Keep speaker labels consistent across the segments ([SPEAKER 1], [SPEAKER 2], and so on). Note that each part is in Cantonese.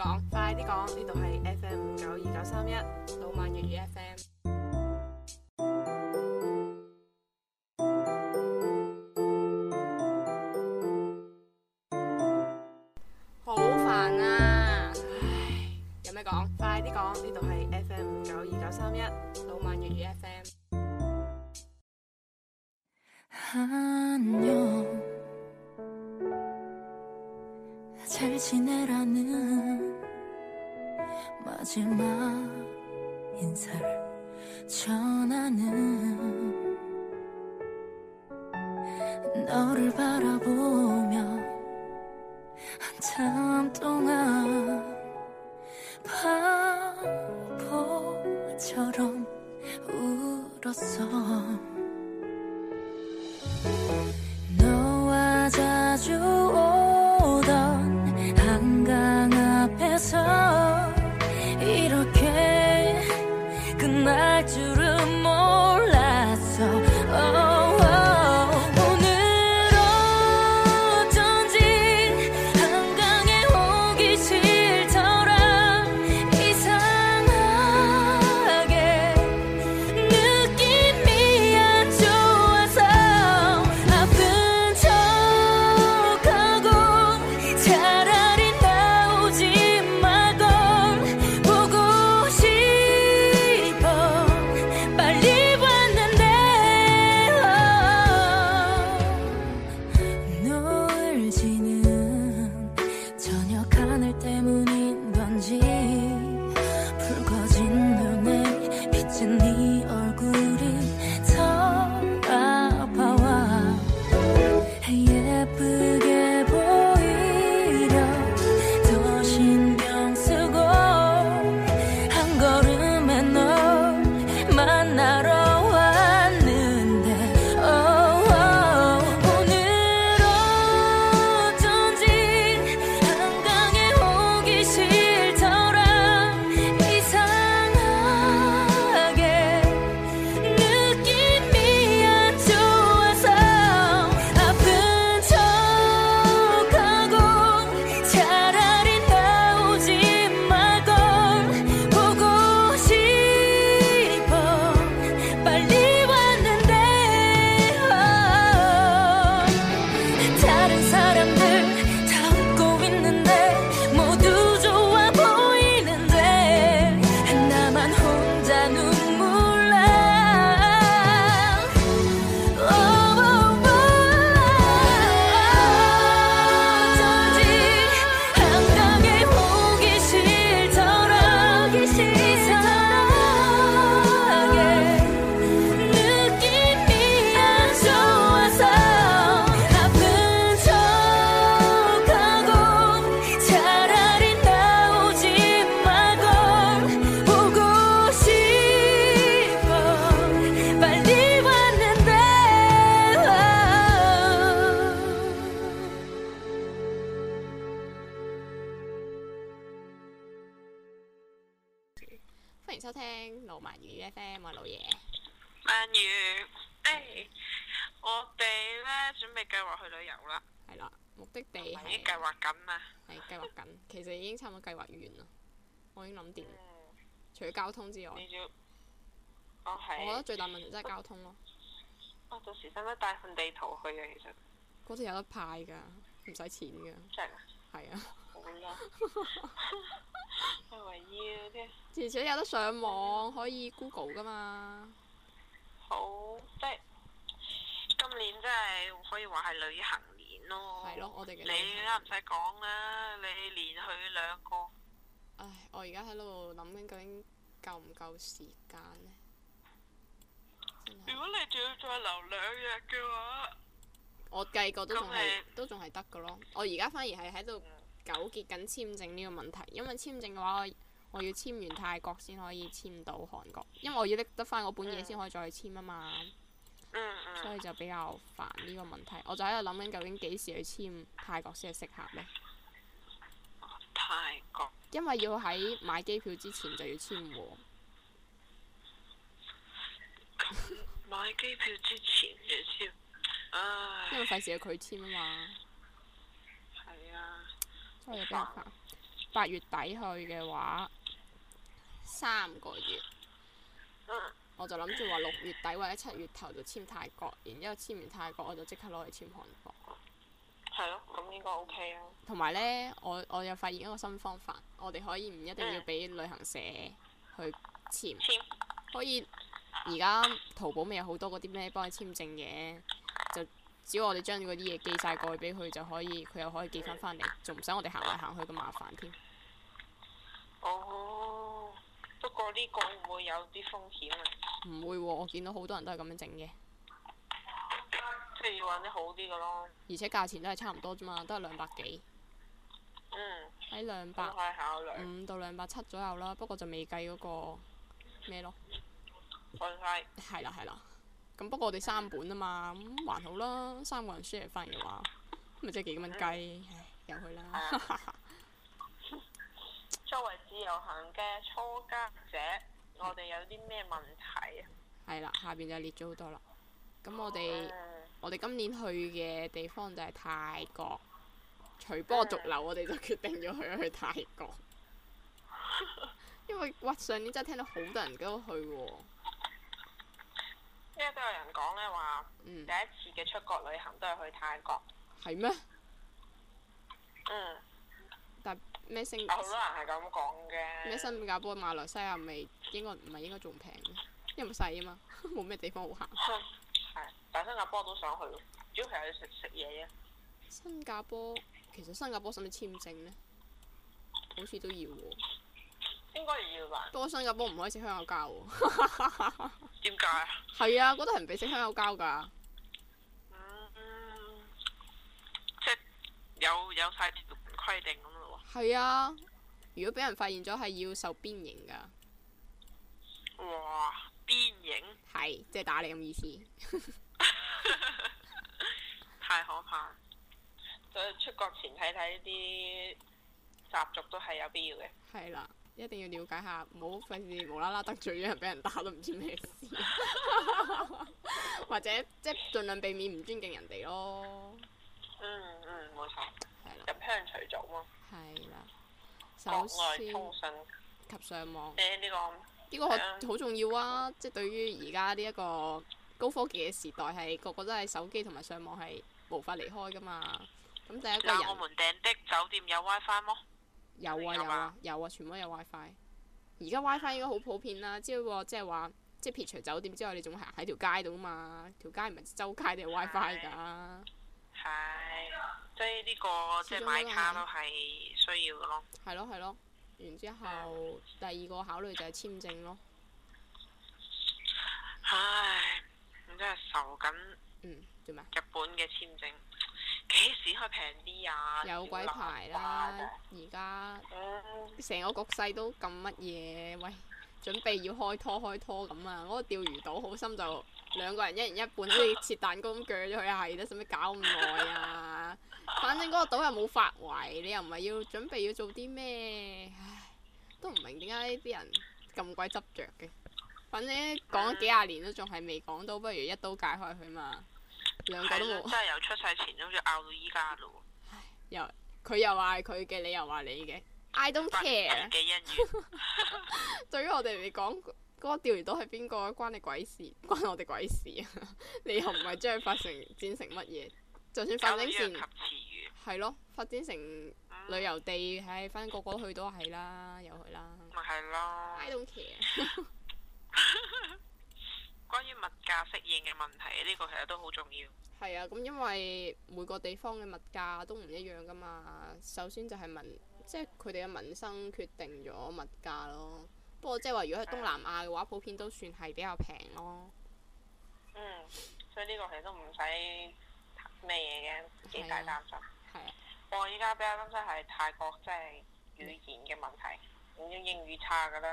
[SPEAKER 1] 講，說快啲講，呢度係。嗯、除咗交通之外，
[SPEAKER 2] 我，我覺得最大問題真係交通咯。到時使唔使帶份地圖去
[SPEAKER 1] 啊？嗰度有得派㗎，唔使錢㗎。真係？係啊。
[SPEAKER 2] 好啦。
[SPEAKER 1] 係為要有得上網， 可以 Google 㗎嘛。
[SPEAKER 2] 好，即係今年真係可以話係旅行年咯。係咯，我哋嘅。你啱唔使講啦，你連去兩個。
[SPEAKER 1] 唉，我而家喺度諗緊，究竟夠唔夠時間咧？
[SPEAKER 2] 如果你仲要再留兩日嘅話，
[SPEAKER 1] 我計過都仲係你都仲係得㗎咯。我而家反而係喺度糾結緊簽證呢個問題，因為簽證嘅話，我我要簽完泰國先可以簽到韓國，因為我要拎得翻我本嘢先可以再簽啊嘛。嗯。所以就比較煩呢個問題。我就喺度諗緊，究竟幾時去簽泰國先係適合呢？泰國。因為要喺買機票之前就要簽喎。咁
[SPEAKER 2] 買機
[SPEAKER 1] 票之前就要簽，唉。因為費事要佢簽吖嘛。係啊。所以八八月底去嘅話，三個月。嗯、我就諗住話六月底或者七月頭就簽泰國，然之後簽完泰國我就即刻攞嚟簽韓國。係咯，咁應該 OK 啦。同埋咧，我我又發現一個新方法，我哋可以唔一定要俾旅行社去簽，嗯、可以而家淘寶咪有好多嗰啲咩幫你簽證嘅，就只要我哋將嗰啲嘢寄晒過去俾佢就可以，佢又可以寄返翻嚟，仲唔使我哋行嚟行去咁麻煩添。哦，不
[SPEAKER 2] 過呢個會唔
[SPEAKER 1] 會有啲風險啊？唔會喎、哦，我見到好多人都係咁樣整嘅。
[SPEAKER 2] 即係要
[SPEAKER 1] 揾啲好啲嘅咯，而且價錢都係差唔多啫嘛，都係兩百幾。
[SPEAKER 2] 嗯。喺兩百五
[SPEAKER 1] 到兩百七左右啦，不過就未計嗰個咩咯。曬看。係啦係啦，咁不過我哋三本啊嘛，咁還好啦，三個人 share 嚟返嘅話咪即係幾蚊雞，唉，入去啦。啊、 作為自由行嘅初
[SPEAKER 2] 階者，嗯、我哋有
[SPEAKER 1] 啲咩問題啊？係啦，下邊就列咗好多啦。咁我哋、嗯。我哋今年去嘅地方就係泰國，隨波逐流，我哋就決定咗去一去泰國。 因為哇，上年真係聽到好多人都去喎。因為都有人講
[SPEAKER 2] 咧話，嗯、第一次嘅出國旅行都係去泰國。
[SPEAKER 1] 係咩嗎？嗯。但咩星？有好多人係
[SPEAKER 2] 咁講嘅。咩新
[SPEAKER 1] 加坡、馬來西亞咪應該唔係應該仲平？因為唔細啊嘛，冇 咩地方好行。 但新加坡都想去，主要係去食食嘢啫。啊、新加坡其實新加坡使唔使簽證咧？好似都要喎、哦。
[SPEAKER 2] 應該要吧。不過
[SPEAKER 1] 新加坡唔可以食香口膠喎、
[SPEAKER 2] 哦。點 解 啊？
[SPEAKER 1] 係啊，嗰度係唔俾食香口膠㗎。嗯，即係
[SPEAKER 2] 有有晒啲規定咁
[SPEAKER 1] 咯喎。係 啊，如果俾人發現咗，係要受鞭刑㗎。哇！
[SPEAKER 2] 鞭刑？
[SPEAKER 1] 係即係打你咁意思。
[SPEAKER 2] 出國前睇睇呢啲習
[SPEAKER 1] 俗都係有必要嘅。係啦，一定要了解下，唔好費事無啦啦得罪咗人，俾人打都唔知咩事， 或者即係、就是、盡量避免唔尊敬人哋咯。嗯嗯，冇、嗯、錯。係啦了。入鄉隨俗咯、啊。係啦。首先，通
[SPEAKER 2] 信
[SPEAKER 1] 及上網。呢、欸這個呢個好重要啊！即係、嗯、對於而家呢一個高科技嘅時代，係個個都係手機同埋上網係無法離開㗎嘛。咁第一個人。我們
[SPEAKER 2] 訂的酒店有 WiFi 麼？
[SPEAKER 1] 有啊有啊有啊，全部都有 WiFi。而家 WiFi 應該好普遍啦，只不過即係話即係撇除酒店之後，你仲行喺條街度啊嘛？條街唔係周街都有 WiFi 噶。係，即係呢個
[SPEAKER 2] 即係買卡都係需要
[SPEAKER 1] 嘅咯。係咯係咯，然之後第二個考慮就係簽證咯。唉，我
[SPEAKER 2] 真係愁緊。
[SPEAKER 1] 嗯。做咩？日
[SPEAKER 2] 本嘅簽證。幾時可平啲啊！有鬼排
[SPEAKER 1] 啦，而家成個局勢都咁乜嘢，喂！準備要開拖開拖咁啊！嗰、嗰個釣魚島好心就兩個人一人一半，好似切蛋糕咁鋸咗佢一下，而家使乜搞咁耐啊？啊 反正嗰個島又冇發圍，你又唔係要準備要做啲咩？唉，都唔明點解呢啲人咁鬼執著嘅。反正講咗幾廿年都仲係未講到，嗯、不如一刀解開佢嘛。兩個都冇，真係由
[SPEAKER 2] 出世前都仲拗到依家
[SPEAKER 1] 咯。又佢又話佢嘅，你又話你嘅。I don't care。 對於我哋嚟講，嗰、那個釣魚島係邊個關你鬼事？關我哋鬼事啊！ 你又唔係將佢發展成乜嘢？ 就算發展要及鯖
[SPEAKER 3] 魚。
[SPEAKER 1] 係咯，發展成旅遊地，唉、嗯，反正個個去都係啦，又去啦。
[SPEAKER 2] 咪係咯。I
[SPEAKER 1] don't care。
[SPEAKER 2] 關於物價適應嘅問題，呢、呢個其實都好重要。
[SPEAKER 1] 係啊，咁因為每個地方嘅物價都唔一樣㗎嘛。首先就係民，即係佢哋嘅民生決定咗物價咯。不過即係話，如果係東南亞嘅話，嗯、普遍都算係比較平咯。嗯，所以呢個其
[SPEAKER 2] 實都唔使咩嘢嘅，幾大擔心。係啊。啊我依家比較擔心係泰國，即係語言嘅問題，咁、嗯、英語差㗎啦。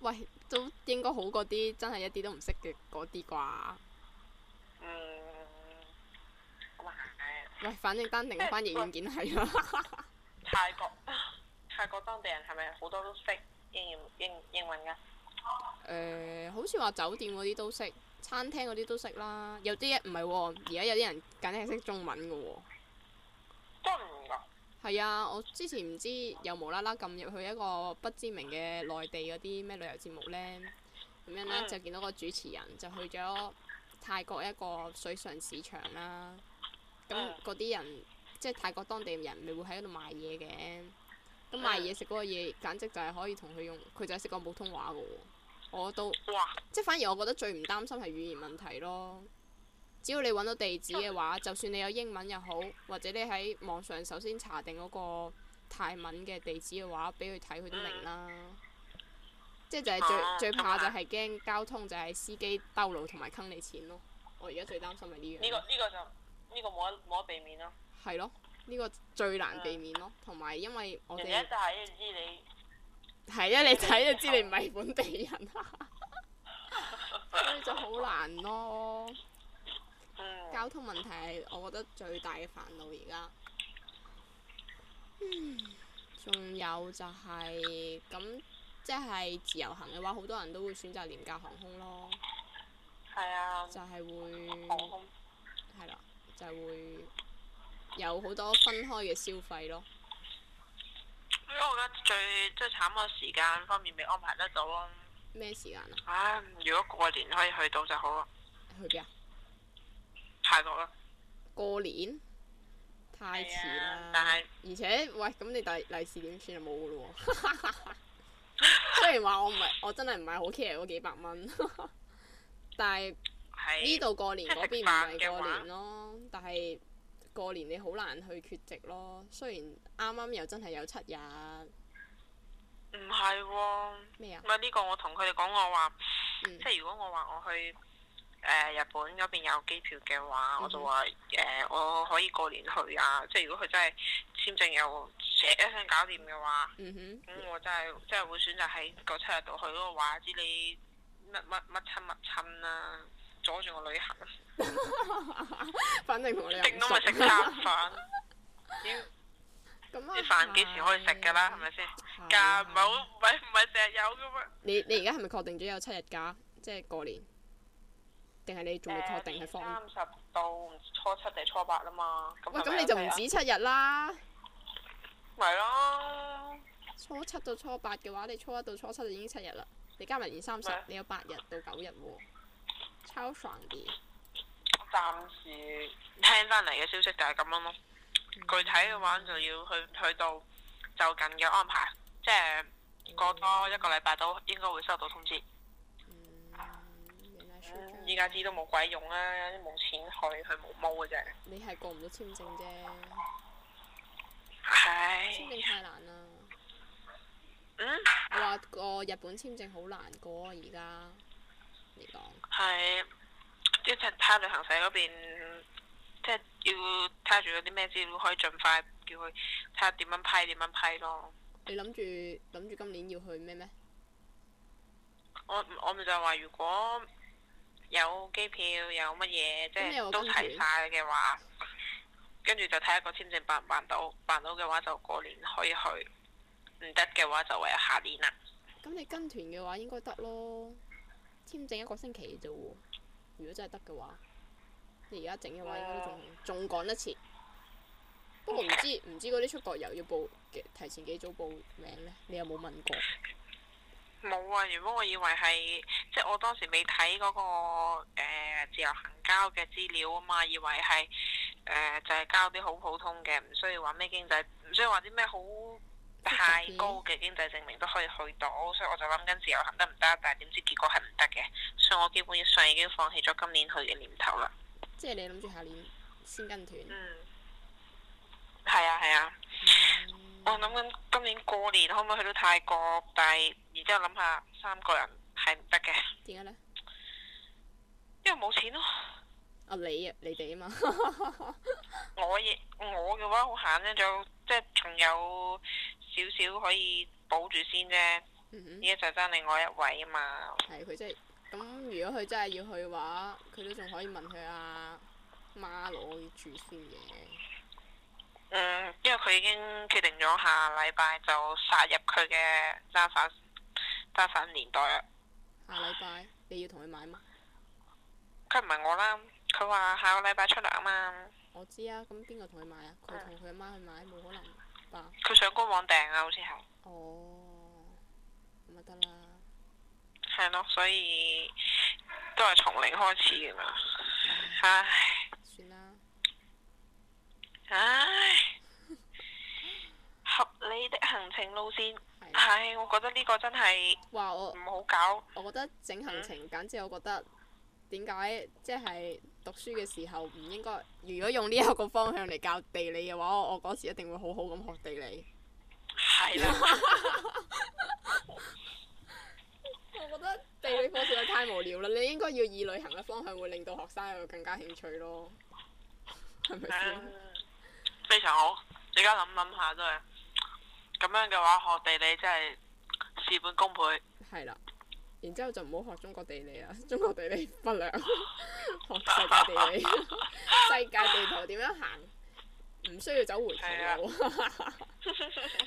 [SPEAKER 1] 喂，都應該好過啲真係一啲都唔識嘅嗰啲啩。
[SPEAKER 2] 嗯。喂，
[SPEAKER 1] 反正單定嘅翻譯軟 件係啊。 泰國，泰國當
[SPEAKER 2] 地人係咪好多都識英英
[SPEAKER 1] 英文㗎？誒、呃，好似話酒店嗰啲都識，餐廳嗰啲都識啦。有啲一唔係喎，而家、啊、有啲人梗係識中文㗎喎。即係。係啊，我之前唔知有無啦啦撳入去一個不知名嘅內地嗰啲咩旅遊節目呢，咁樣呢，就見到個主持人就去咗泰國一個水上市場啦。咁嗰啲人即係泰國當地人，咪會喺嗰度賣嘢嘅。咁賣嘢食嗰個嘢，簡直就係可以同佢用，佢就係識講普通話噶喎。我都，即係反而我覺得最唔擔心係語言問題咯。只要你揾到地址嘅話，嗯、就算你有英文又好，或者你喺網上首先查定嗰個泰文嘅地址嘅話，俾佢睇佢都明啦。嗯、即係就係最、啊、最怕就係驚交通就係司機兜路同埋坑你錢咯。我而家最擔心係呢樣。呢、這個呢、這個就呢、這個冇得避免咯。係咯，呢、這個最難避免咯，同埋因為我哋。人係啊，你睇就知你唔係本地人， 所以就好難咯。
[SPEAKER 3] 嗯、交通
[SPEAKER 1] 問題係我覺得最大嘅煩惱而家。仲、嗯、有就係、是、咁，即係、就是、自由行嘅話，好多人都會選擇廉價航空咯。係啊。就係會。航空。係啦，就係會有好多分開嘅消費咯。因
[SPEAKER 2] 為我覺得最即係慘喎，時間方面未安排得到
[SPEAKER 1] 咯。咩時間啊？唉、啊，
[SPEAKER 2] 如果過年可以去到就好咯。
[SPEAKER 1] 去邊啊？泰國啦，過年太遲啦，啊、但而且喂，咁你第利是點算就冇噶咯喎， 雖然話我唔係，我真係唔係好 care 嗰幾百蚊， 但係呢度過年嗰邊唔係過年咯，但係過年你好難去缺席咯。雖然啱啱又真係有七日。唔
[SPEAKER 2] 係喎。咩啊？咁呢個我同佢哋講，我話、嗯、即係如果我話我去。誒、呃、日本嗰邊有機票嘅話，嗯、哼我就話誒、呃、我可以過年去啊！即係如果佢真係簽證又一兩日搞掂嘅話，咁、嗯、哼我真係真係會選擇喺嗰七日度去咯。話知你乜乜乜親乜親啦，阻住我旅行。
[SPEAKER 1] 反正定到咪食餐飯？
[SPEAKER 2] 妖！咁啊～啲飯幾時可以食㗎啦？係咪先？假唔係好唔
[SPEAKER 1] 係唔係成日有嘅咩？你你而家係咪確定咗有七日假？即、就、係、是、過年。定係你仲未確定係放三
[SPEAKER 2] 十、呃、到初七定初八啦嘛？咁喂你就
[SPEAKER 1] 唔止七日啦。
[SPEAKER 2] 咪咯，
[SPEAKER 1] 初七到初八嘅話，你初一到初七就已經七日啦。你加埋二三十，你有八日到九日喎。超煩啲。
[SPEAKER 2] 暫時聽翻嚟嘅消息就係咁樣咯。嗯、具體嘅話就要去去到就近嘅安排，即係過多一個禮拜都應該會收到通知。依家、嗯、知都冇鬼用啊！冇錢去，去毛毛嘅啫。
[SPEAKER 1] 你係過唔到簽證啫。唉。係。簽證太難啦。嗯。我話過日本簽證好難過、啊，而家你講。
[SPEAKER 2] 係。即係睇下旅行社嗰邊，即係要睇下仲有啲咩資料，可以盡快叫佢睇下點樣批，點樣批咯。
[SPEAKER 1] 你諗住諗住今年要去咩
[SPEAKER 2] 咩？我我咪就係話如果。有機票有乜嘢，即係都齊晒嘅話，跟住就睇一個簽證辦唔辦到，辦到嘅話就過年可以去，唔得嘅話就唯有下年啦。
[SPEAKER 1] 咁、嗯、你跟團嘅話應該得咯，簽證一個星期啫喎。如果真係得嘅話，你而家整嘅話應該都仲仲趕得切。不過唔知唔、嗯、知嗰啲出國遊要報提前幾早報名呢？你有冇問過？
[SPEAKER 2] 冇啊！原本我以為係，即係我當時未睇嗰個、呃、自由行交嘅資料啊嘛，以為係誒、呃、就係、是、交啲好普通嘅，唔需要話咩經濟，唔需要話啲咩好太高嘅經濟證明都可以去到，所以我就諗緊自由行得唔得，但係點知結果係唔得嘅，所以我基本上已經放棄咗今年去嘅念頭啦。
[SPEAKER 1] 即係你諗住下年先跟團？嗯。
[SPEAKER 2] 係啊，係啊。嗯我諗緊今年過年可唔可以去到泰國，但係然之後諗下三個人係唔得嘅。
[SPEAKER 1] 點解咧？因為冇錢咯。啊你啊，你哋啊嘛。
[SPEAKER 2] 我亦我嘅話好閒啫，就即係仲有少少可以保住先啫。嗯哼。依家就爭另外一位啊嘛。
[SPEAKER 1] 係佢即係。咁如果佢真係要去嘅話，佢都仲可以問佢阿媽攞住先嘅。
[SPEAKER 2] 嗯，因為佢已經決定咗下禮拜就殺入佢嘅揸手揸手年代啦。
[SPEAKER 1] 下禮拜你要同佢買嗎？
[SPEAKER 2] 佢唔係我啦，佢話下個禮拜出糧啊嘛。
[SPEAKER 1] 我知啊，咁邊個同佢買啊？佢同佢阿媽去買，冇、嗯、可能。
[SPEAKER 2] 佢上官網訂啊，好似係。哦，
[SPEAKER 1] 咁咪得啦。
[SPEAKER 2] 係咯，所以都係從零開始嘅嘛。唉，算啦。唉，合理的行程路線，的唉，我覺得呢個真係
[SPEAKER 1] 話我唔好搞我。我覺得整行程簡直，我覺得點解即係讀書嘅時候唔應該？如果用呢一個方向嚟教地理嘅話，我我嗰時一定會好好咁學地理。係啦是的。
[SPEAKER 3] 我覺得地理課實在太
[SPEAKER 1] 無聊啦！你應該要以旅行嘅方向，會令到學生有更加興趣咯。係咪先？
[SPEAKER 2] 非常好，而家諗諗下真係，咁樣嘅話學地理真係事半功倍。
[SPEAKER 1] 係啦，然之後就唔好學中國地理啊，中國地理忽略， 學世界地理， 世界地圖點樣行？唔需要走回程路，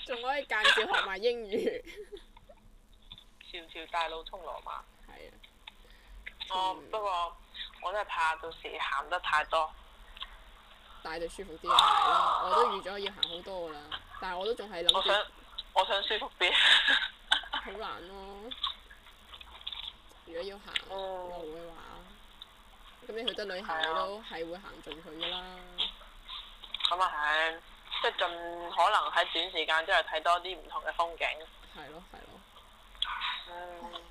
[SPEAKER 1] 仲了 可以間接學埋英語。
[SPEAKER 2] 條條 大路通羅馬。係啊。我不過我都係怕到時行得太多。
[SPEAKER 1] 帶就舒服啲鞋咯，啊、我都預咗要行好多噶啦，但係我都仲係諗住。我想，我想舒服啲。好 難咯、哦！如果要行路嘅話，咁、哦、你去得旅行，啊、我都係會行盡佢噶啦。咁
[SPEAKER 2] 啊係，即係盡可能喺短時間之內睇多啲唔同嘅風景。
[SPEAKER 1] 係咯，係咯。嗯
[SPEAKER 2] 嗯、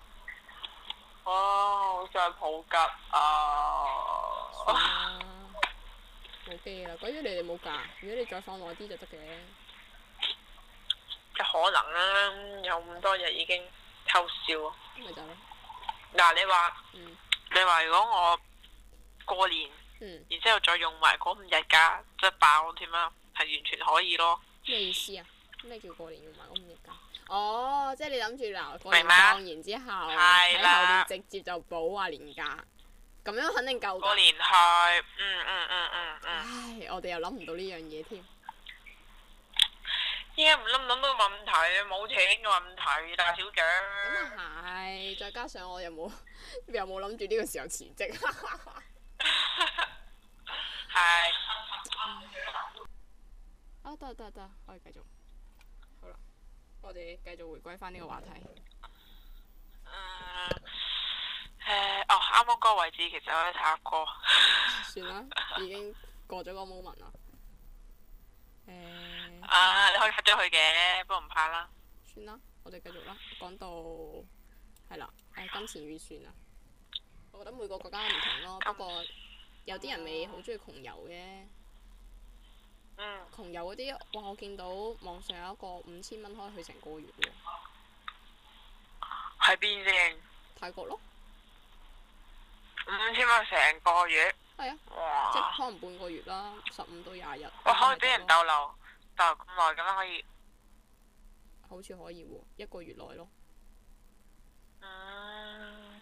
[SPEAKER 2] 哦，哇！我想去普吉啊。了
[SPEAKER 1] 冇機啦！如果、okay、你哋冇假，如果你再放耐啲就得嘅，
[SPEAKER 2] 即可能啦、啊。有咁多日已經偷笑喎，咪就係。嗱、啊，你話、嗯、你話如果我過年，然之後再用埋嗰五日假，即係爆添啦，係完全可以咯。
[SPEAKER 1] 咩意思啊？咩叫過年用埋五日假？哦，即係你諗住嗱過年放完之後喺後邊直接就補啊年假。咁樣肯定夠噶。過年去，嗯嗯嗯嗯嗯。唉，我哋又諗唔到呢樣嘢添。
[SPEAKER 2] 點解唔諗諗到問題啊？冇錢嘅問題，大小姐。
[SPEAKER 1] 咁啊係，再加上我又冇，又冇諗住呢個時候辭職。
[SPEAKER 2] 係。
[SPEAKER 1] 啊得啊得啊得啊，可以繼續。好啦，我哋繼續回歸翻呢個話題。誒誒。啱啱嗰個位置其實我都睇過， 算啦，已經過咗嗰 moment 啦。誒、
[SPEAKER 2] uh, 嗯。啊，你可以發出去嘅，不過唔怕啦。
[SPEAKER 1] 算啦，我哋繼續啦。講到係啦，誒、哎，金錢預算啊。我覺得每個國家唔同咯，不過有啲人咪好鍾意窮遊嘅。嗯。窮遊嗰啲，哇！我見到網上有一個五千蚊可以去成個月喎。
[SPEAKER 2] 喺邊先？
[SPEAKER 1] 泰國咯。
[SPEAKER 2] 五千蚊成個月，係
[SPEAKER 1] 啊、哎呀，哇即可能半個月啦，十五到廿日。
[SPEAKER 2] 哇！可以俾人逗留，逗留咁耐咁樣可以？
[SPEAKER 1] 好似可以喎，一個月內咯。嗯、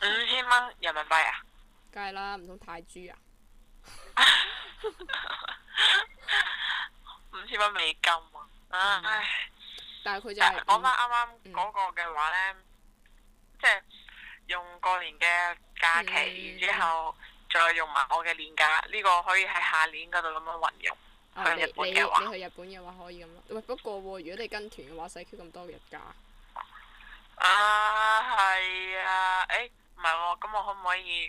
[SPEAKER 2] 五千蚊人民幣啊？
[SPEAKER 1] 梗係啦，唔通泰銖啊？
[SPEAKER 2] 五千蚊美金啊！嗯、唉，
[SPEAKER 1] 但係佢就係講翻啱
[SPEAKER 2] 啱嗰個嘅話咧，嗯、即係。用過年嘅假期，然、嗯、之後、嗯、再用埋我嘅年假，呢、呢個可以喺下年嗰度咁樣運用、
[SPEAKER 1] 啊、去日本嘅話。你去日本嘅話可以咁咯，喂不過、哦、如果你跟團嘅話，使咁多日假？啊，
[SPEAKER 2] 係啊，誒、欸，唔係喎，咁我可唔可以？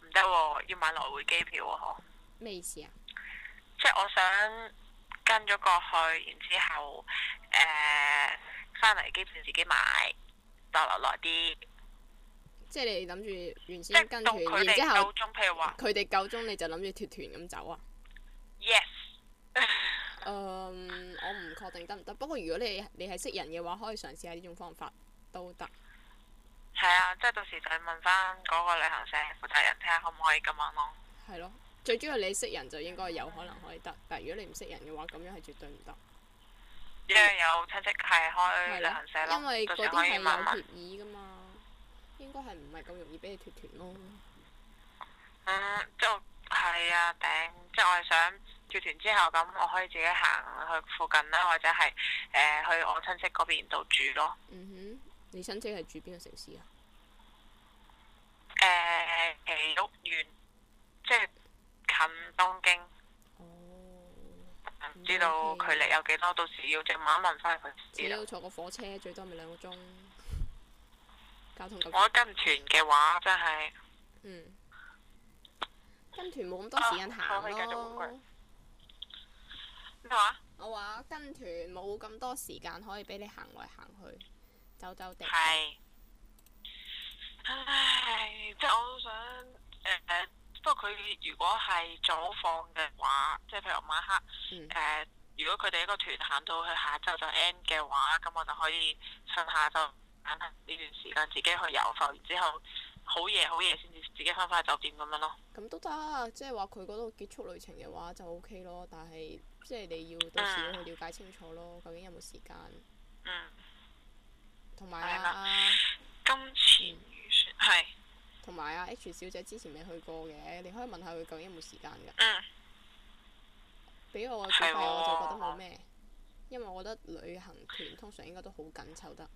[SPEAKER 2] 唔得喎，要買來回機票喎、哦，嚇。
[SPEAKER 1] 咩意思啊？
[SPEAKER 2] 即係我想跟咗過去，然後之後誒翻嚟機票自己買，留耐啲。
[SPEAKER 1] 即係你諗住原先跟團，然之後譬如話佢哋夠鐘你就諗住脫團咁走啊？Yes。嗯，我唔確定得唔得？不過如果你你係識人嘅話，可以嘗試下呢種方法都得。係啊，即係
[SPEAKER 2] 到時就係問翻嗰個旅行社負責人睇下可唔可以咁樣咯。
[SPEAKER 1] 係咯，最主要你識人就應該有可能可以得，但係如果你唔識人嘅話，咁樣係絕對唔得。
[SPEAKER 2] 因為有親戚係開旅行社，因為到時
[SPEAKER 1] 可以問嘛。應該係唔係咁容易俾你脫團咯。嗯，
[SPEAKER 2] 即係係啊，頂！即係我係想脫團之後咁，我可以自己行去附近啦，或者係誒、呃、去我親戚嗰邊度住咯。嗯哼，
[SPEAKER 1] 你親戚係住邊個城市啊？
[SPEAKER 2] 誒、呃，埼玉縣，即、就、係、是、近東京。哦。唔知道 okay. 距離有幾多，到時要就問一問翻佢先
[SPEAKER 1] 啦。只要坐個火車，最多咪兩個鐘。我
[SPEAKER 2] 跟團嘅話，真係，嗯，
[SPEAKER 1] 跟團冇咁多時間行咯。咩、啊、話？我話跟團冇咁多時間可以俾你行來行去，走走地走。停。
[SPEAKER 2] 唉，即係我都想誒、呃，不過佢如果係早放嘅話，即係譬如晚
[SPEAKER 3] 黑
[SPEAKER 2] 誒，如果佢哋一個團行到去下晝就 end 嘅話，咁我就可以上下晝。呢段時間自己去遊浮，然之後好夜好夜先至自己
[SPEAKER 1] 翻返去酒店咁樣咯。咁都得，即係話佢嗰度結束旅程嘅話就 OK 咯。但係即係你要到時要去了解清楚咯，究竟有冇時間。同埋、嗯、啊，金錢預算同埋啊，H 小姐之前未去過嘅，你可以問下佢究竟有冇時間㗎。嗯。俾我嘅主費我就覺得冇咩，的因為我覺得旅行團通常應該都好緊湊得。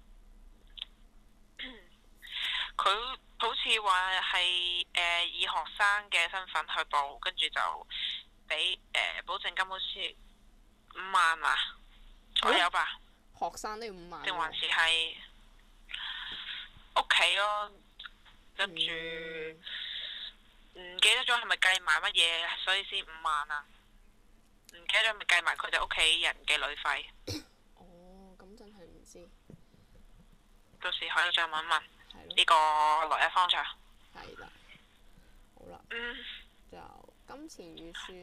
[SPEAKER 2] 佢好似話係誒以學生嘅身份去報，跟住就俾誒、呃、保證金好似五萬啊，
[SPEAKER 1] 左右吧。學生都要五萬。定還
[SPEAKER 2] 是係屋企咯？跟住唔記得咗係咪計埋乜嘢，所以先五萬啊？唔記得咗係咪計埋佢哋屋企人嘅旅費？哦，
[SPEAKER 1] 咁真係唔知。
[SPEAKER 2] 到時可以再問一問。呢
[SPEAKER 1] 個來日方長。係啦。好啦。就金錢預算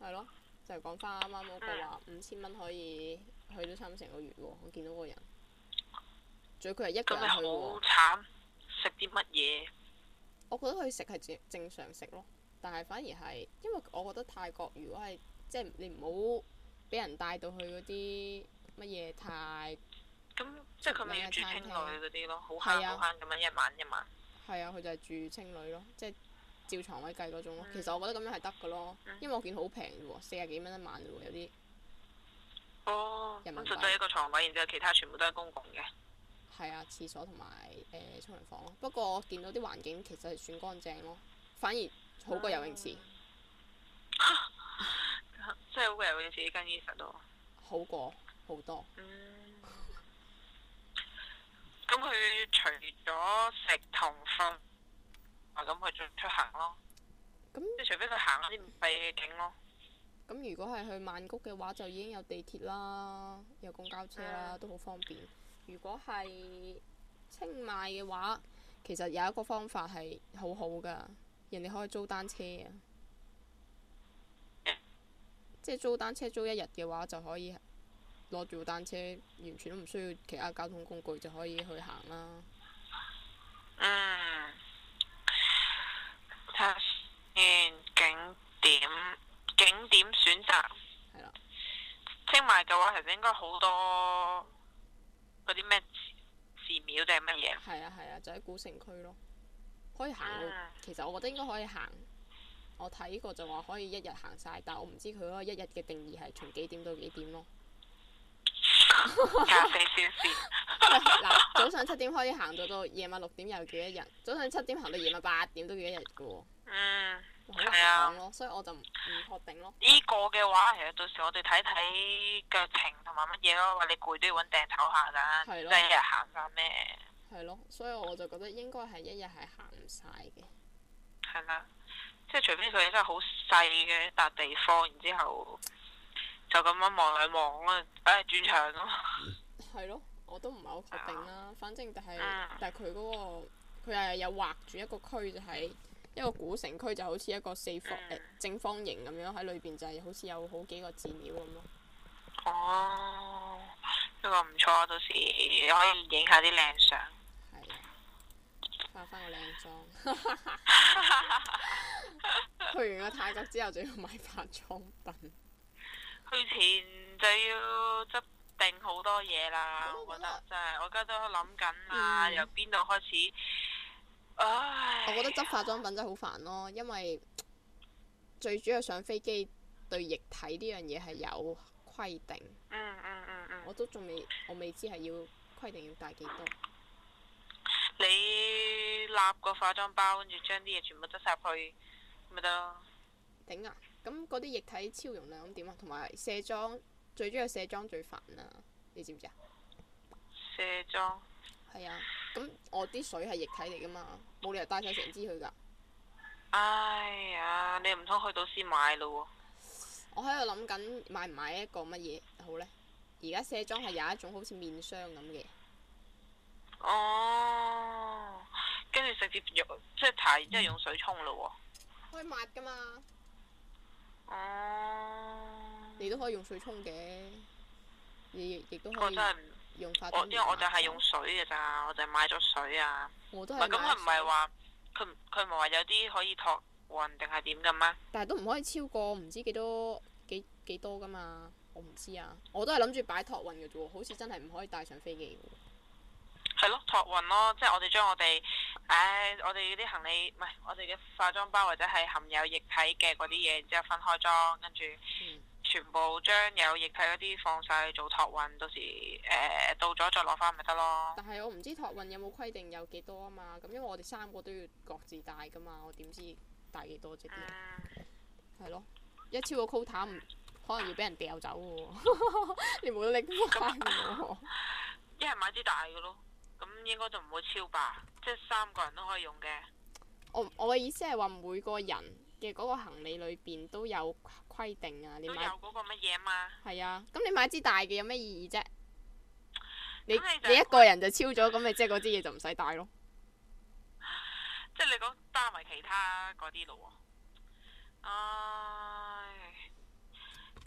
[SPEAKER 1] 係咯，就講翻啱啱嗰個話、嗯、五千蚊可以去咗差唔多三成個月喎，我見到個人。仲要佢係一個人去喎。好慘！食啲乜嘢？我覺得佢食係正正常食咯，但係反而係因為我覺得泰國如果係即係你唔好俾人帶到去嗰啲乜嘢泰。咁即係佢咪住青旅
[SPEAKER 2] 嗰啲咯，好慳好慳
[SPEAKER 1] 咁樣一晚一晚。係啊，佢就係住青旅咯，即係照床位計嗰種咯。嗯、其實我覺得咁樣係得嘅咯，嗯、因為我見好平喎，四十幾蚊一晚喎有啲。哦。人民幣。就一
[SPEAKER 2] 個床位，然之後其他全部都係公共
[SPEAKER 1] 嘅。係啊，廁所同埋誒沖涼房咯。不過我見到啲環境其實係算乾淨咯，反而好過游泳池。
[SPEAKER 2] 即係好過游泳池呢更衣室都
[SPEAKER 1] 好過好多。嗯
[SPEAKER 2] 咁佢除咗食同瞓，啊咁佢仲出行咯，咁你除非佢行下啲唔廢嘅景咯。
[SPEAKER 1] 咁、嗯、如果係去曼谷嘅話，就已經有地鐵啦，有公交車啦，都好方便。如果係清邁嘅話，其實有一個方法係好好㗎，人哋可以租單車啊。嗯、即係租單車租一日嘅話，就可以。攞住單車，完全都唔需要其他交通工具就可以去行啦。嗯。
[SPEAKER 2] 睇完景點，景點選擇。係啊的。清埋嘅話，其實應該好多。嗰啲咩寺廟定
[SPEAKER 1] 係乜嘢？係啊係啊，就喺、是、古城區咯。可以行到，嗯、其實我覺得應該可以行。我睇過就話可以一日行晒，但我唔知佢嗰個一日嘅定義係從幾點到幾點咯。廿 四小時，嗱、 嗯、早上七點可以行到到夜晚六點又叫一日，早上七點行到夜晚八點都叫一日嘅，嗯，係啊，咁咯。所以我就唔確定咯。
[SPEAKER 2] 呢個嘅話，其實到時我哋睇睇腳程同埋乜嘢咯。話你攰都要揾地頭下噶，一日行翻咩？
[SPEAKER 1] 係咯，所以我就覺得應該係一日係行唔晒嘅。
[SPEAKER 2] 係啦，即係除非佢真係好細嘅一笪地方，然後之後。就咁樣望兩望啊！誒轉場咯，
[SPEAKER 1] 係咯，我都唔係好確定啦。的反正、就係嗯、但係、嗰個，但係佢嗰個佢係有畫住一個區，就係一個古城區，就好、係、似一個四方、嗯呃、正方形咁樣喺裏邊，裡面就係好似有好幾個寺廟咁咯。哦，呢個、
[SPEAKER 2] 不過唔錯，到時可以影下啲靚
[SPEAKER 1] 相，化翻個靚妝。 去完個泰國之後，就要買化妝品。
[SPEAKER 2] 去前就要執定好多嘢啦，我覺得,我覺得真係，我而家都諗緊啊，由邊度開始？唉。我覺得執
[SPEAKER 1] 化妝品真係好煩咯，因為最主要上飛機對液體呢樣嘢係有規定。嗯嗯嗯
[SPEAKER 2] 嗯。嗯
[SPEAKER 1] 嗯嗯我都仲未，我未知係要規定要帶幾多。
[SPEAKER 2] 你立個化妝包，跟住將啲嘢全部執晒去，咪得咯。
[SPEAKER 1] 頂啊！咁嗰啲液體超容量咁點啊？同埋卸妝最中意卸妝最煩啊，你知唔知啊？
[SPEAKER 2] 卸妝。
[SPEAKER 1] 係啊，咁我啲水係液體嚟噶嘛，冇理由帶晒成支去㗎。
[SPEAKER 2] 哎呀！你唔通去到先買咯
[SPEAKER 1] 喎！我喺度諗緊買唔買一個乜嘢好呢。而家卸妝係有一種好似面霜咁嘅。哦。跟
[SPEAKER 2] 住直接用即係搽，即係用水沖咯喎。
[SPEAKER 1] 可以抹㗎嘛？你都可以用水沖嘅，亦亦都可以用化妝水，水啊！我就係用
[SPEAKER 2] 水嘅咋，我就係買咗水啊。我都係咁，佢唔係話佢佢唔係話有啲可以託運定係點嘅咩？
[SPEAKER 1] 但係都唔可以超過唔知多幾，幾多幾幾多噶嘛？我唔知啊。我都係諗住擺託運嘅啫，好似真係唔可以帶上飛機。
[SPEAKER 2] 係咯，託運咯，即係我哋將我哋，唉、哎，我哋嗰啲行李，唔係我哋嘅化妝包或者係含有液體嘅嗰啲嘢，然之後分開裝，跟住全部將有液體嗰啲放晒去做託運，到時誒、呃、到咗再攞翻咪得咯。
[SPEAKER 1] 但係我唔知託運有冇規定有幾多啊嘛？咁因為我哋三個都要各自帶㗎嘛，我點知帶幾多啫？係咯、嗯，一超過 quota 可能要俾人掉走喎， 你冇得拎翻嘅喎。嗯嗯嗯嗯嗯嗯嗯、一
[SPEAKER 2] 係買啲大嘅咯。咁應該就唔會超吧？即係三個人
[SPEAKER 1] 都可以用嘅。我我嘅意思係話每個人嘅嗰個行李裏邊都有規定啊！你買有嗰個乜嘢嘛？係啊，咁你買支大嘅有咩意義啫？你你，你一個人就超咗，咁咪即係嗰支嘢就唔使帶咯。
[SPEAKER 2] 即係你講加埋其他嗰啲咯喎。唉。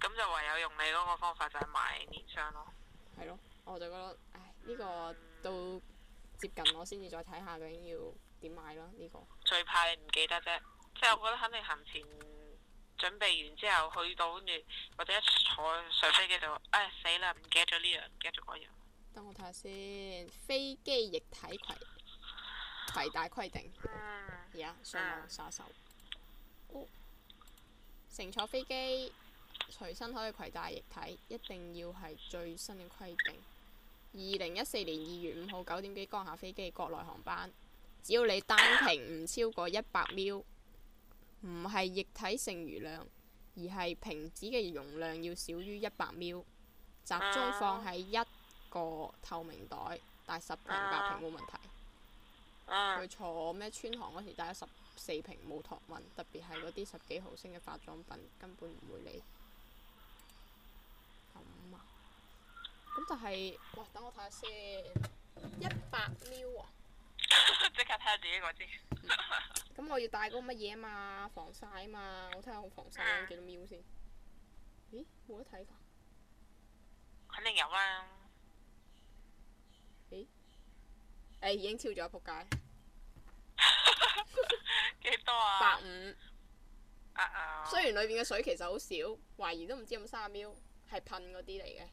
[SPEAKER 2] 咁就唯有用你嗰個方法就係買
[SPEAKER 1] 連箱咯。係咯。我就覺得，唉，呢、呢個。嗯到接近我先至再睇下究竟要點買咯，呢、呢個
[SPEAKER 2] 最怕你唔記得啫，即係我覺得肯定行前準備完之後去到跟住或者一坐上飛機就誒、哎、死啦，唔記得咗呢樣，唔記得咗嗰樣。
[SPEAKER 1] 等我睇下先。飛機液體攜攜帶規定。而家、嗯哦、上網搜手、嗯哦。乘坐飛機隨身可以攜帶液體，一定要係最新嘅規定。二零一四年二月五號九點幾，剛下飛機，國內航班，只要你單瓶唔超過一百 ml，唔係液體剩餘量，而係瓶子嘅容量要少於一百 ml，
[SPEAKER 3] 集中放
[SPEAKER 1] 喺一個透明袋，帶十瓶八瓶冇問題。佢坐咩川航嗰時帶咗十四瓶冇託運，特別係嗰啲十幾毫升嘅化妝品根本唔會理會。咁就係，哇！等我睇下先，一百 ml 啊！即刻睇下自己嗰支。咁、 嗯、我要帶嗰個乜嘢啊嘛？防曬啊嘛！我睇下我防曬用幾多 ml 先。咦？冇得睇㗎？肯定有啊！咦、欸？已經超咗，仆街！幾 多啊？百五 105.、uh。啊、oh. 雖然裏面嘅水其實好少，懷疑都唔知有冇三十 ml，係噴嗰啲嚟嘅。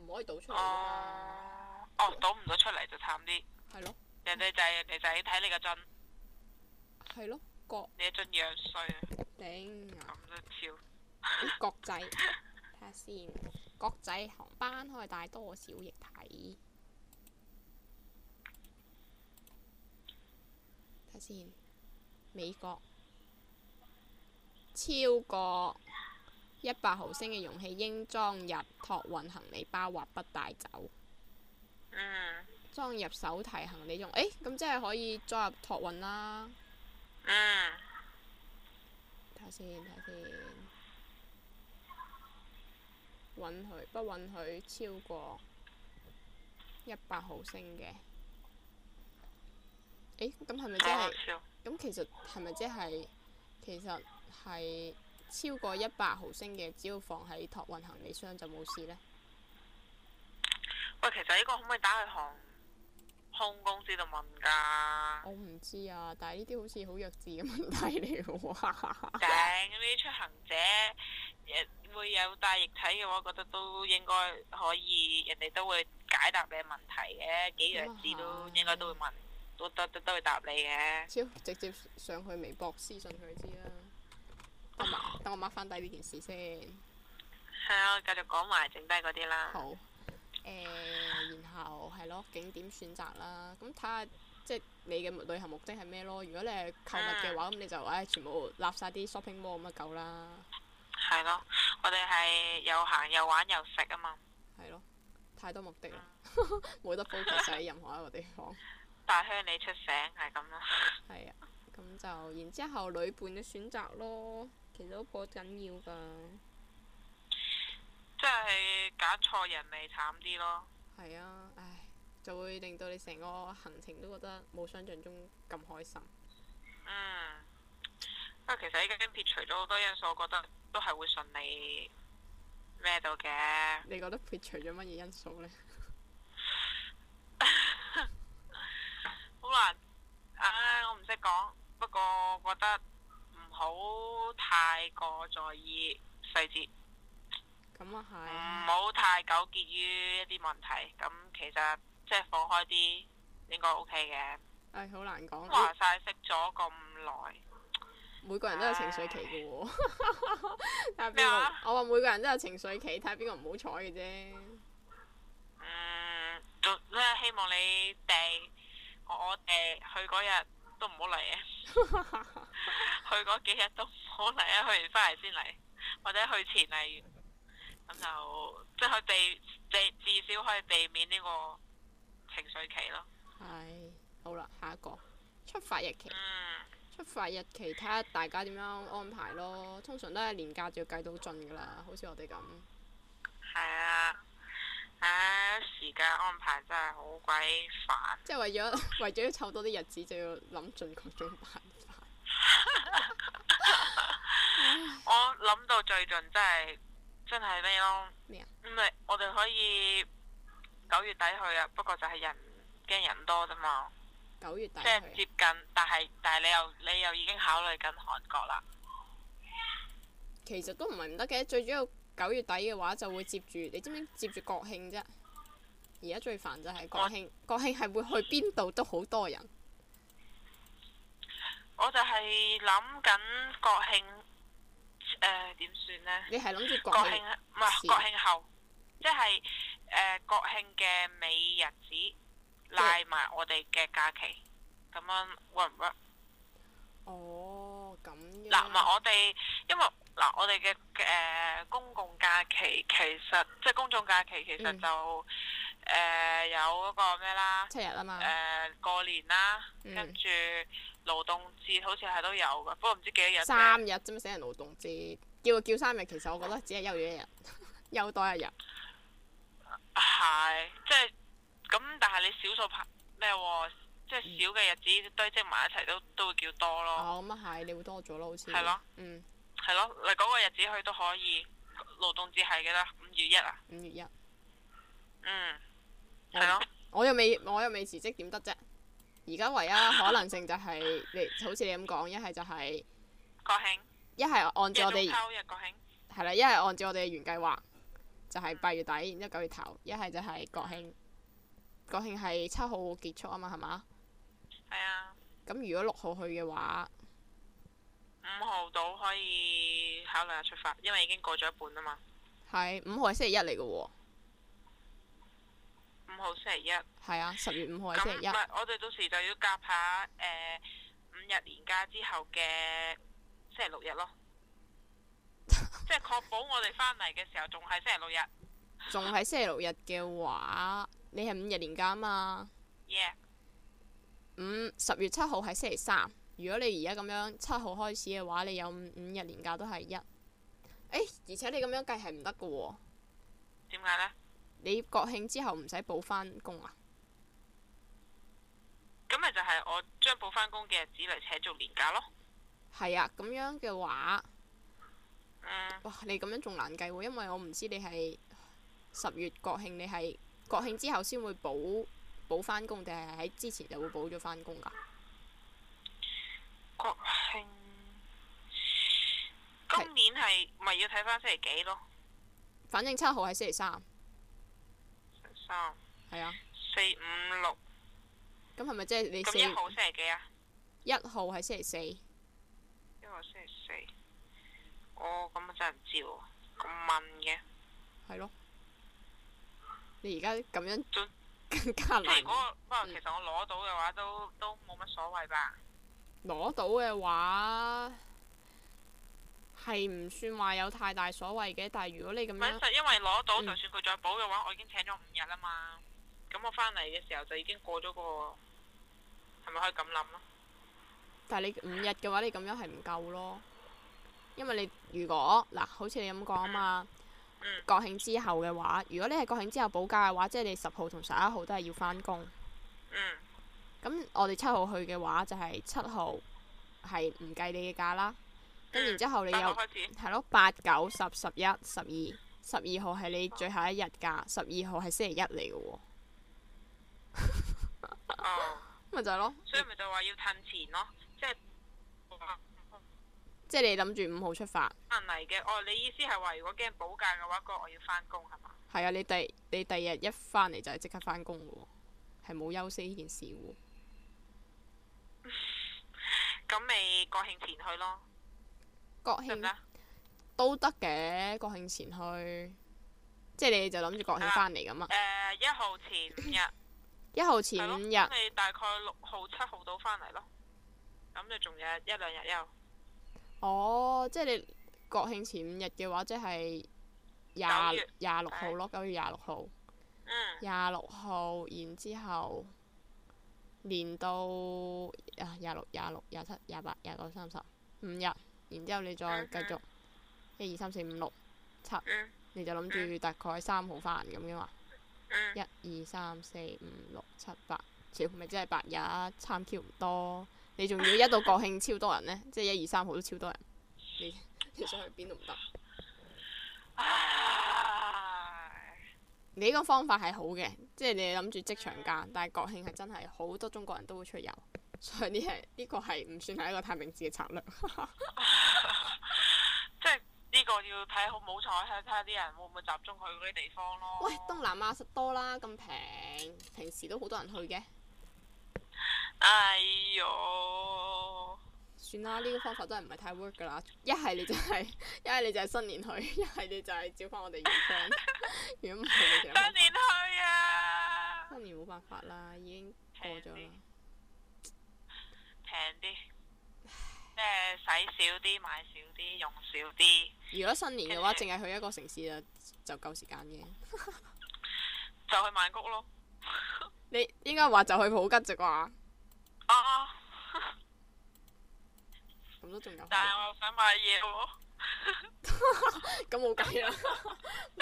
[SPEAKER 1] 唔可以倒出
[SPEAKER 2] 嚟哦，倒唔了到出嚟就慘啲。係咯。人哋就係人哋就係睇你個樽。
[SPEAKER 1] 係咯。國。你
[SPEAKER 2] 樽樣衰啊！
[SPEAKER 1] 頂。咁都超。欸、國際。睇下 先，國際航班可以帶多少液體？睇下先。美國。超過。一百毫升嘅容器應裝入託運行李包或不帶走，嗯。裝入手提行李用。誒、欸、咁即係可以裝入託運啦。睇下、嗯、先，睇下先。允許不允許超過一百毫升嘅？誒、欸，咁係咪即係？咁其實係咪即係？其實係。超過一百毫升嘅，只要放喺託運行李箱就冇事呢。
[SPEAKER 2] 喂，其實呢個可唔可以打去航空公司度問㗎？
[SPEAKER 1] 我唔知啊，但係呢啲好似好弱智嘅問題嚟嘅喎。頂
[SPEAKER 2] 呢啲出行者，誒會有帶液體嘅話，覺得都應該可以，人哋都會解答你問題嘅，幾弱智都應該都會問，都都都會答你嘅。
[SPEAKER 1] 超直接上去微博私信佢知等、啊、我 mark 翻低呢件事先。
[SPEAKER 2] 係啊，繼續講埋剩低嗰啲啦。好、
[SPEAKER 1] 欸。然後係咯，景點選擇啦，咁睇下即係你嘅旅行目的係咩咯？如果你係購物嘅話，咁、嗯、你就唉、哎、全部攬晒啲 shopping mall 咁就夠啦。
[SPEAKER 2] 係咯，我哋係又行又玩又食啊嘛。
[SPEAKER 1] 係咯，太多目的啦，冇、嗯、 得 focus 喺任何一個地方。
[SPEAKER 2] 大鄉你出城係咁啦。
[SPEAKER 1] 係、就、啊、是，咁 就然之後，旅伴嘅選擇咯。其實都好緊要噶
[SPEAKER 2] 即係揀錯人咪慘啲咯。
[SPEAKER 1] 係啊，唉，就會令到你成個行程都覺得冇想象中咁開心。嗯，
[SPEAKER 2] 不過其實已經撇除咗好多因素，我覺得都係會順利咩到嘅。
[SPEAKER 1] 你覺得撇除咗乜嘢因素呢？
[SPEAKER 2] 好 難，唉、啊，我唔識講。不過我覺得。好太過在意細節，
[SPEAKER 1] 咁啊係，唔
[SPEAKER 2] 好、嗯、太糾結於一啲問題。咁、嗯、其實即係放開啲，應該 OK 嘅。唉、
[SPEAKER 1] 哎，好難講。都話曬
[SPEAKER 2] 識咗咁耐。
[SPEAKER 1] 每個人都有情緒期嘅
[SPEAKER 2] 喎。
[SPEAKER 1] 咩啊？啊我話每個人都有情緒期，睇下邊個唔好彩嘅啫。嗯，
[SPEAKER 2] 即係希望你訂我哋、呃、去嗰日。都唔好嚟啊！去嗰幾日都唔好嚟啊！去完翻嚟先嚟，或者去前嚟，咁就即係可以避避，至少可以避免呢個情緒期咯。
[SPEAKER 1] 係，好啦，下一個出發日期。嗯，出發日期睇下大家點樣安排咯。通常都係年假就要計到盡㗎啦，好似我哋咁。
[SPEAKER 2] 係啊。唉、啊，時間安排真係好鬼煩。
[SPEAKER 1] 即係為咗為咗要湊多啲日子，就要諗盡各種辦法。
[SPEAKER 2] 我諗到最近真係真係咩咯？咩麼？唔係我哋可以九月底去啊，不過就係人驚人多啫嘛。
[SPEAKER 1] 九月底。即係接
[SPEAKER 2] 近，但係但係你又你又已經考慮緊韓國啦。
[SPEAKER 1] 其實都唔係唔得嘅，最主要。九月底嘅話就會接住，你知唔知接住國慶啫？而家最煩就係國慶，國慶係會去邊度都好多人。
[SPEAKER 2] 我就係諗緊國慶，誒點算
[SPEAKER 3] 呢？你係諗住國慶？國慶
[SPEAKER 2] 唔係國慶後，即係誒國慶嘅尾日子，拉埋我哋嘅假期，咁樣 work 唔
[SPEAKER 1] work？哦，咁。嗱，同埋我
[SPEAKER 2] 哋，因為。嗱，我哋嘅誒公共假期其實即係公眾假期，其實就誒、嗯呃、有嗰、嗰個咩啦？七日啊嘛！誒、呃、過年啦，嗯、跟住勞動節好似係都有嘅，不過唔知幾多日三
[SPEAKER 1] 日啫嘛，死人勞動節叫佢叫三日，其實我覺得只係休咗一日，休多一日。
[SPEAKER 2] 係， 即係咁，但係你少數排咩喎？即係少嘅日子堆積埋一齊都都會叫多咯、哦。
[SPEAKER 1] 咁啊係，你會多咗咯，好似。係咯。嗯。嗯嗯係咯，你嗰、那個日子去
[SPEAKER 2] 都
[SPEAKER 1] 可以。勞動節係嘅啦，五月一啊。五月一。嗯。係咯、嗯了。我又未，我又未辭職點得啫？而家唯一可能性就係、是、 你，好似你咁講，一係就係、是、國慶。一係按照我哋。中秋日國慶。係啦，一係按照我哋嘅原計劃，就係、是、八月底，然之後九月頭，一係就係國慶。國慶係七號結束啊嘛，係嘛？係啊了。咁如果六號去嘅話？
[SPEAKER 2] 五號到可以考慮下出發，因為已經過咗一半啊嘛。
[SPEAKER 1] 係，五號係星期一嚟嘅喎。五號星期一。係啊，月十月五號係星期一。唔係，
[SPEAKER 2] 我哋到時就要夾下、呃、五日連假之後嘅星期六日咯。 即係確保我哋返嚟嘅時候仲係星期六日。
[SPEAKER 1] 仲係星期六日嘅話，你係五日連假啊嘛。五 Yeah.、嗯、十月七號係星期三。如果你而家咁樣七號開始嘅話，你有五五日年假都係一。誒，而且你咁樣計係唔得㗎喎。點
[SPEAKER 2] 解
[SPEAKER 1] 呢？你國慶之後唔使補返工啊？咁
[SPEAKER 2] 咪就係我將補返工嘅日子嚟
[SPEAKER 1] 請做年假咯。係啊，咁樣嘅話。啊！哇！你咁樣仲難計喎，因為我唔知你係十月國慶，你係國慶之後先會補補返工，定係喺之前就會補咗返工㗎？
[SPEAKER 2] 國慶今年係咪要睇翻星期幾
[SPEAKER 1] 咯？反正七號係星期三。星期三。係啊。
[SPEAKER 2] 四五六。
[SPEAKER 1] 咁係咪即係你？咁一號星期幾啊？一號
[SPEAKER 2] 係星
[SPEAKER 1] 期四。一號星期四。哦，
[SPEAKER 2] 咁啊真係唔知喎，咁問
[SPEAKER 1] 嘅。係咯。你而家咁樣，更加難。即係嗰個，不過
[SPEAKER 2] 其實我攞到嘅話，都都冇乜所謂吧。
[SPEAKER 1] 攞到嘅話，係唔算話有太大所謂嘅。但係如果你咁樣，唔係因為攞到，嗯、就
[SPEAKER 2] 算佢再補嘅話，我已經請咗五日啦嘛。咁我翻嚟嘅時候就已經過咗個，係咪
[SPEAKER 1] 可以咁諗咯？但係你五日嘅話，你咁樣係唔夠咯。因為你如果嗱，好似你咁講啊嘛，嗯嗯、國慶之後嘅話，如果你係國慶之後補假嘅話，即係你十號同十一號都係要翻工。嗯。嗯。咁我哋七號去嘅話，就係七號係唔計你嘅假啦。跟、嗯、然之後你有係咯，八九十十一十二十二號係你最後一日假，十二號係星期一嚟嘅喎。哦。咪、 哦、 就係咯。所以咪就
[SPEAKER 2] 話要褪錢
[SPEAKER 1] 咯，即係嗯、即係。即係你諗住五號出發。翻
[SPEAKER 2] 嚟嘅，哦！你意思係話如果驚補假
[SPEAKER 1] 嘅話，個我要返工係嘛？係啊！你第你第日一返嚟就係即刻返工嘅喎，係冇休息呢件事喎。
[SPEAKER 2] 咁咪 國慶前
[SPEAKER 1] 去咯，國慶係係都得嘅，國慶前去，即係你就諗住國慶返嚟咁啊。呃，
[SPEAKER 2] 一號前五
[SPEAKER 1] 日，一 號前五日。你大概六
[SPEAKER 2] 號、七號到返嚟咯，咁就仲有一兩
[SPEAKER 1] 日休。哦，即係你國慶前五日嘅話，即係廿廿六號咯，九月廿六號，廿六號，然之後。連到廿六廿六廿七廿八廿九三十五日，然之後你再繼續一二三四五六七，你就諗住大概三號翻咁樣話，一二三四五六七八少咪即係八日，差唔多，你仲要一到國慶超多人呢，即係一二三號都超多人，你 你想去邊都唔得。啊、你呢個方法係好嘅。即係你諗住職場假，但係國慶係真係好多中國人都會出遊，所以呢係呢個係唔算係一個太明智嘅策略。 即係呢、呢
[SPEAKER 2] 個要睇好唔好彩，睇下啲人會唔會集中去嗰啲地方
[SPEAKER 1] 咯。喂，東南亞多啦，咁平，平時都好多人去嘅。
[SPEAKER 2] 哎呦～
[SPEAKER 1] 算啦，呢、這個方法真係唔係太 work 㗎啦！一係你就係、是，一係你就係新年去，一係你就係照翻我哋預算。如果唔係，你就新年去啊！新年冇辦法啦，已經過咗啦。平
[SPEAKER 2] 啲。即係使少啲，買少啲，用少啲。
[SPEAKER 1] 如果新年嘅話，淨係去一個城市就就夠時間嘅。
[SPEAKER 2] 就去曼谷
[SPEAKER 1] 咯。 你應該話就去普吉啫啩？咁都仲有，
[SPEAKER 2] 但係我
[SPEAKER 1] 又想買嘢喎。咁冇計啦，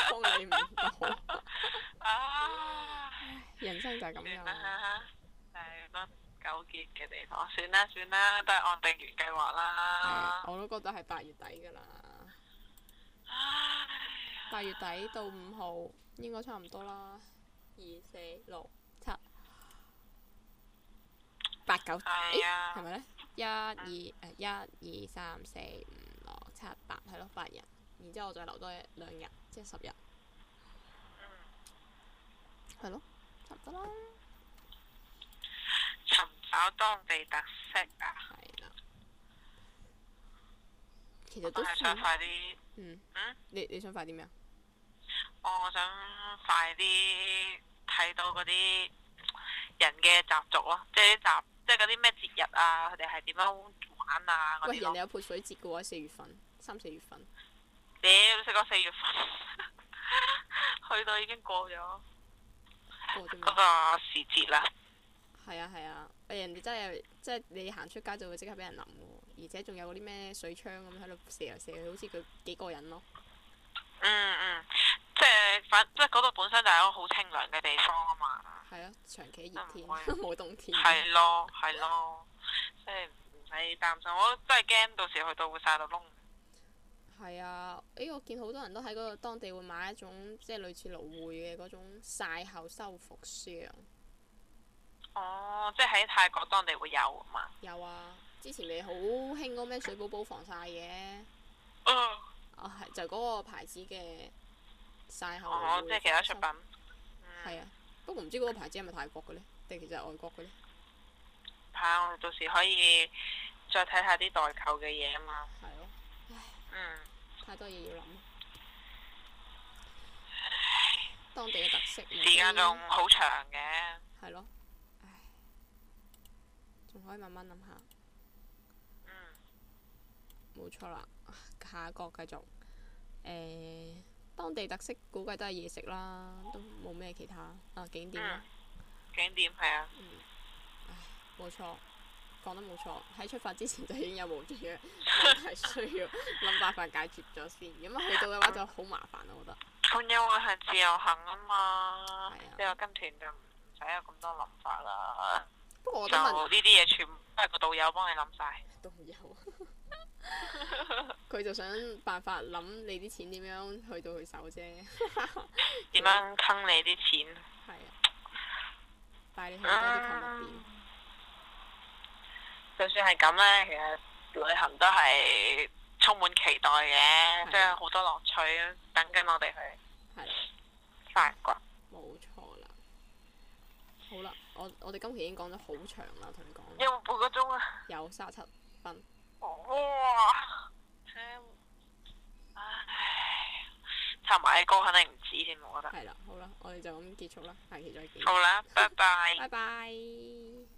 [SPEAKER 1] 幫你唔到。唉，人生就係咁樣。算
[SPEAKER 2] 啦，係乜糾結嘅地方。算啦算啦，都係按定原計劃啦。我
[SPEAKER 1] 都覺得係八月底㗎啦。八月底到五號應該差唔多啦。二四六七。八九，誒係咪咧？一二，誒一二三四五六七八，係咯，八日，然之後我再留多一兩日，即係十日。係咯。得啦。
[SPEAKER 2] 尋找當地特
[SPEAKER 1] 色啊！係喇。其實都係想快啲。嗯。嗯？你你想快啲咩啊？嗯、
[SPEAKER 2] 我想快啲睇到嗰啲人嘅習俗咯，即係啲習。即係嗰啲咩節日啊，佢哋係點樣
[SPEAKER 1] 玩啊？喂，人哋有潑水節嘅話，啊，四月份，三四月份。
[SPEAKER 2] 屌，識講四月份， 去到已經過咗。過咗咩？嗰個時
[SPEAKER 1] 節，哦，啊。係啊係啊，人哋真係，即、就、係、係、你行出街就會即刻俾人淋喎，而且仲有嗰啲咩水槍咁喺度射啊射去，好似佢幾過癮咯。嗯嗯，
[SPEAKER 2] 即係反，即係嗰度本身就係一個好清涼嘅地方啊嘛。
[SPEAKER 1] 係咯，長期熱天，冇冬、嗯、 天。係咯，係咯，即
[SPEAKER 2] 係唔使擔心。我真係驚到時去到會曬到窿。
[SPEAKER 1] 係啊，誒、欸、我見好多人都喺嗰個當地會買一種即係類似蘆薈嘅嗰種曬後修復霜。
[SPEAKER 2] 哦，即係喺泰國當地會有啊嘛。
[SPEAKER 1] 有啊，之前咪好興嗰咩水寶寶防曬嘅。哦、呃，啊，就嗰個牌子嘅曬後、哦。即係其他出品。嗯。係啊。都唔知嗰個牌子係咪泰國嘅呢？定其實係外國嘅呢？
[SPEAKER 2] 係啊，我到時可以再睇下啲代購嘅嘢啊嘛。係咯、
[SPEAKER 1] 哦。唉，嗯。太多嘢要諗。唉當地嘅特色、啊。時間仲好長嘅。係咯、哦。仲可以慢慢諗下。嗯。冇錯啦，下一個繼續。誒、欸。當地特色估計都係嘢食啦，都冇咩其他啊景點、嗯、
[SPEAKER 2] 景點係啊。嗯。
[SPEAKER 1] 唉，冇錯。講得冇錯，喺出發之前就已經有冇多嘅問題需要諗辦法解決咗先，如果去到嘅話就好麻煩，我覺得。
[SPEAKER 2] 咁因為係自由行啊嘛，啊你話跟團就唔使有咁多諗法啦。不過我就呢啲嘢，全部都係個導遊幫你諗晒。導遊。
[SPEAKER 1] 佢 就想辦法諗你啲錢點樣去到佢手啫，
[SPEAKER 2] 點 樣坑你啲錢？
[SPEAKER 1] 係 啊，帶你去多啲購物
[SPEAKER 2] 店。Uh, 就算係咁咧，其實旅行都係充滿期待嘅， 啊、即係好多樂趣等緊我哋去
[SPEAKER 1] 發掘。冇錯啦。好啦，我我哋今期已經講咗好長啦，同你講。有冇半個鐘啊？有卅七分。哇、哦！聽，唉，插埋啲歌肯定唔止添，我覺得。係啦，好啦，我哋就咁結束啦，下期再見。好啦，拜拜。拜拜。